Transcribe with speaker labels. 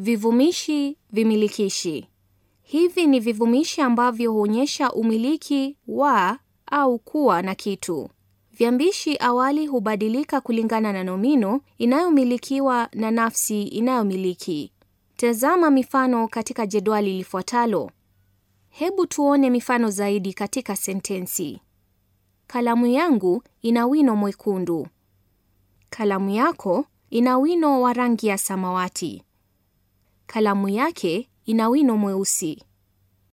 Speaker 1: Vivumishi vimilikishi. Hivi ni vivumishi ambavyo huonyesha umiliki wa au kuwa na kitu. Viambishi awali hubadilika kulingana na nomino inayomilikiwa na nafsi inayomiliki. Tazama mifano katika jedwali lifuatalo. Hebu tuone mifano zaidi katika sentensi. Kalamu yangu ina wino mwekundu. Kalamu yako ina wino wa rangi ya samawati. Kalamu yake ina wino mweusi.